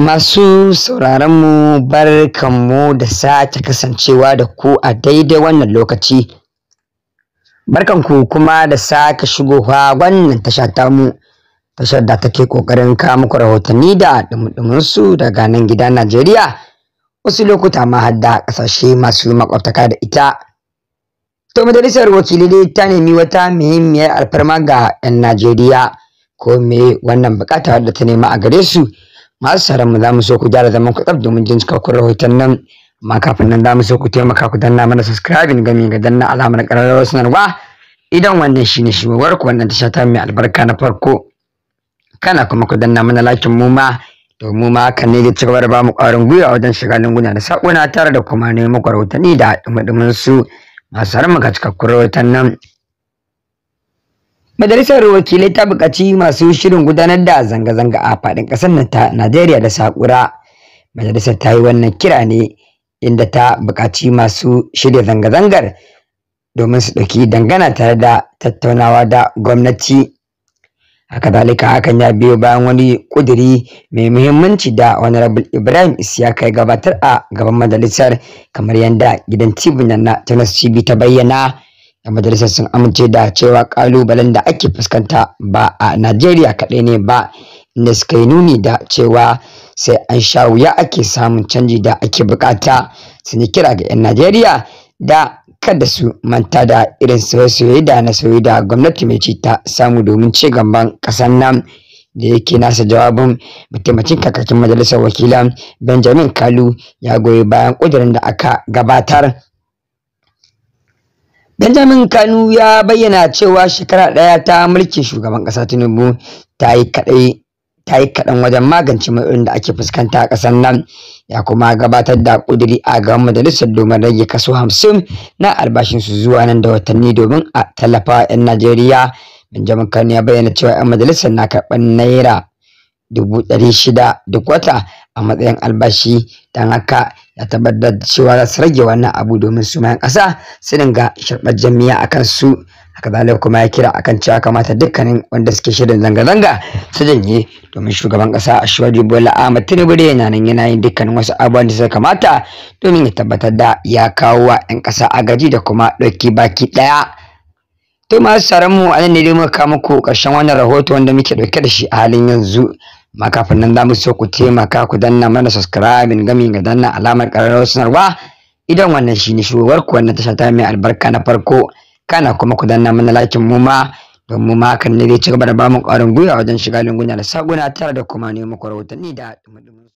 Masu sauraronmu barkanmu da sake kasancewa da ku a daidai wannan lokaci. Barkanku kuma da sake shigowa wannan tasha tamu, tashar da take ƙoƙarin kawo muku rahotanni da ɗumuɗuminsu daga nan gida Najeriya, wasu lokuta ma har da ƙasashe masu makwabtaka da ita. To majalisar wakili dai ta nemi wata muhimmiyar alfarma ga 'yan Najeriya, ko me wannan buƙata da ta nema a gare su. masu sauran mu za mu so ku gyara zaman ku tsaf domin jin cikakkun rahoton nan amma kafin nan za mu so ku taimaka ku danna mana subscribing gami ga danna alamar ƙararrawar sanarwa idan wannan shine shigowar ku wannan tasha ta mai albarka na farko kana kuma ku danna mana lakin mu ma domin ma hakan ne da cigaba da ba mu ƙwarin gwiwa wajen shiga lunguna da saƙona tare da kuma nemo rahotanni da dumadumin su masu sauran mu ga cikakkun rahoton nan Majalisar wakilai ta buƙaci masu shirin gudanar da zanga-zanga a faɗin ƙasar nan ta Najeriya da Sakura. Majalisar ta yi wannan kira ne inda ta buƙaci masu shirya zanga-zangar domin su ɗauki dangana tare da tattaunawa da gwamnati. Haka zalika hakan ya biyo bayan wani ƙudiri mai muhimmanci da Honorable Ibrahim Isiyaka ya gabatar a gaban majalisar kamar yadda gidan TV na Tunis TV ta bayyana. 'yan majalisar sun amince da cewa kalubalen da ake fuskanta ba a najeriya kaɗai ne ba inda suka yi nuni da cewa sai an sha wuya ake samun canji da ake bukata sun yi kira ga 'yan najeriya da kada su manta da irin sauye-sauye da na sauye da gwamnati mai ci ta samu domin ci gaban ƙasar nan da yake nasa jawabin mataimakin kakakin majalisar wakilan benjamin kalu ya goyi bayan ƙudurin da aka gabatar Benjamin Kanu ya bayyana cewa shekara ɗaya ta mulkin shugaban ƙasa Tinubu ta yi kaɗai ta yi kaɗan wajen magance matsalolin da ake fuskanta a ƙasar nan ya kuma gabatar da ƙuduri a gaban majalisar domin rage kaso hamsin na albashinsu zuwa nan da watanni domin a tallafa 'yan najeriya benjamin kanu ya bayyana cewa 'yan majalisar na karɓar naira dubu shida duk wata a matsayin albashi don haka Ya tabbatar da cewa za su rage wannan abu domin su mayan ƙasa su dinga sharɓar jami'a a kan su haka zalika kuma ya kira akan cewa kamata dukkanin wanda suke shirin zanga-zanga su janye domin shugaban ƙasa Ashwadu Bola Ahmad Tinubu da yana nan yana yin dukkanin wasu abubuwan da suka kamata domin ya tabbatar da ya kawo wa 'yan ƙasa agaji da kuma ɗauki baki ɗaya. To masu mu a nan ne dai muka kawo muku ƙarshen wannan rahoto wanda muke ɗauke da shi a halin yanzu. ma kafin nan za mu so ku taimaka ku danna mana subscribing gami ga danna alamar ƙararrawar sanarwa idan wannan shi ne shigowar ku wannan tasha ta mai albarka na farko kana kuma ku danna mana lakin mu ma don mu ma kan ne zai ci gaba da bamu ƙwarin gwiwa wajen shiga lunguna da saguna tare da kuma nemo rahotanni da